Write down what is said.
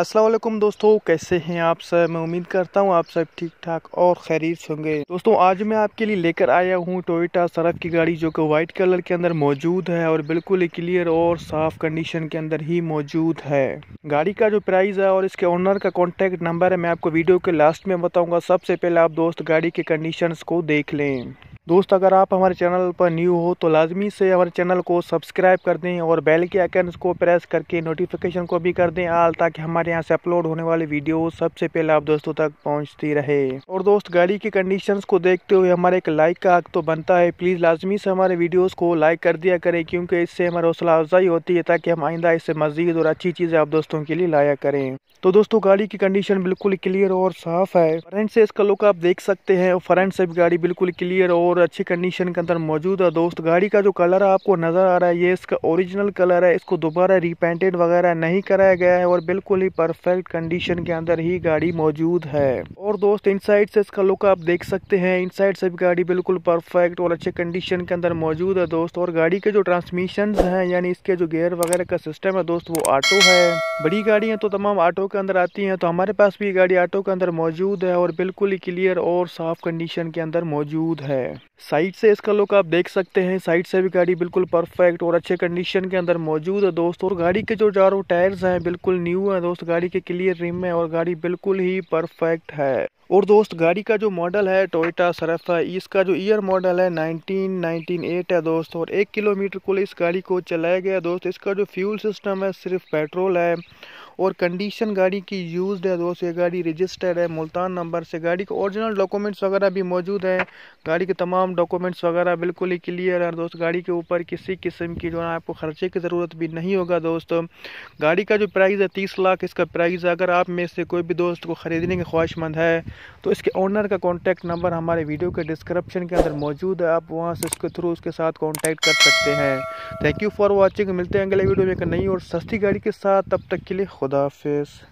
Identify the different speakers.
Speaker 1: असलम दोस्तों कैसे हैं आप सब मैं उम्मीद करता हूं आप सब ठीक ठाक और खैरीत होंगे दोस्तों आज मैं आपके लिए लेकर आया हूं टोयोटा सरफ की गाड़ी जो कि वाइट कलर के अंदर मौजूद है और बिल्कुल क्लियर और साफ कंडीशन के अंदर ही मौजूद है गाड़ी का जो प्राइस है और इसके ओनर का कॉन्टेक्ट नंबर है मैं आपको वीडियो के लास्ट में बताऊँगा सबसे पहले आप दोस्त गाड़ी के कंडीशन को देख लें दोस्त अगर आप हमारे चैनल पर न्यू हो तो लाजमी से हमारे चैनल को सब्सक्राइब कर दें और बेल के आइकन को प्रेस करके नोटिफिकेशन को भी कर दें आल ताकि हमारे यहाँ से अपलोड होने वाले वीडियो सबसे पहले आप दोस्तों तक पहुँचती रहे और दोस्त गाड़ी की कंडीशन को देखते हुए हमारे एक लाइक का हक तो बनता है प्लीज़ लाजमी से हमारे वीडियोज़ को लाइक कर दिया करें क्योंकि इससे हमारी हौसला अफजाई होती है ताकि हम आइंदा इससे मज़ीद और अच्छी चीज़ें आप दोस्तों के लिए लाया करें तो दोस्तों गाड़ी की कंडीशन बिल्कुल क्लियर और साफ है फ्रंट से इसका लुक आप देख सकते हैं फ्रंट से भी गाड़ी बिल्कुल क्लियर और अच्छी कंडीशन के अंदर मौजूद है दोस्त गाड़ी का जो कलर आपको नज़र आ रहा है ये इसका ओरिजिनल कलर है इसको दोबारा रिपेंटेड वगैरह नहीं कराया गया है और बिल्कुल ही परफेक्ट कंडीशन के अंदर ही गाड़ी मौजूद है और दोस्त इन से इसका लुक आप देख सकते हैं इन से भी गाड़ी बिल्कुल परफेक्ट और अच्छे कंडीशन के अंदर मौजूद है दोस्त और गाड़ी के जो ट्रांसमिशन है यानी इसके जो गेयर वगैरह का सिस्टम है दोस्त वो ऑटो है बड़ी गाड़ियाँ तो तमाम ऑटो के अंदर आती हैं तो हमारे पास भी गाड़ी ऑटो के अंदर मौजूद है और बिल्कुल ही क्लियर और साफ कंडीशन के अंदर मौजूद है साइड से इसका लुक आप देख सकते हैं साइड से भी गाड़ी बिल्कुल परफेक्ट और अच्छे कंडीशन के अंदर मौजूद है दोस्त और गाड़ी के जो चारों टायर्स हैं बिल्कुल न्यू है दोस्त गाड़ी के क्लियर रिम है और गाड़ी बिल्कुल ही परफेक्ट है और दोस्त गाड़ी का जो मॉडल है टोयोटा सरफा इसका जो ईयर मॉडल है 1998 है दोस्त और एक किलोमीटर को इस गाड़ी को चलाया गया दोस्त इसका जो फ्यूल सिस्टम है सिर्फ पेट्रोल है और कंडीशन गाड़ी की यूज्ड है दोस्त ये गाड़ी रजिस्टर्ड है मुल्तान नंबर से गाड़ी के ओरिजिनल डॉक्यूमेंट्स वगैरह भी मौजूद है गाड़ी के तमाम डॉक्यूमेंट्स वगैरह बिल्कुल ही क्लियर है दोस्त गाड़ी के ऊपर किसी किस्म की जो है आपको खर्चे की ज़रूरत भी नहीं होगा दोस्तों गाड़ी का जो प्राइस है तीस लाख इसका प्राइस अगर आप में से कोई भी दोस्त को ख़रीदने की ख्वाहिशमंद है तो इसके ओनर का कॉन्टैक्ट नंबर हमारे वीडियो के डिस्क्रिप्शन के अंदर मौजूद है आप वहाँ से उसके थ्रू उसके साथ कॉन्टैक्ट कर सकते हैं थैंक यू फॉर वॉचिंग मिलते हैं अगले वीडियो में एक नई और सस्ती गाड़ी के साथ तब तक के लिए Rodafes.